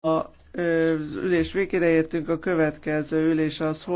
az ülés végére értünk, a következő ülés az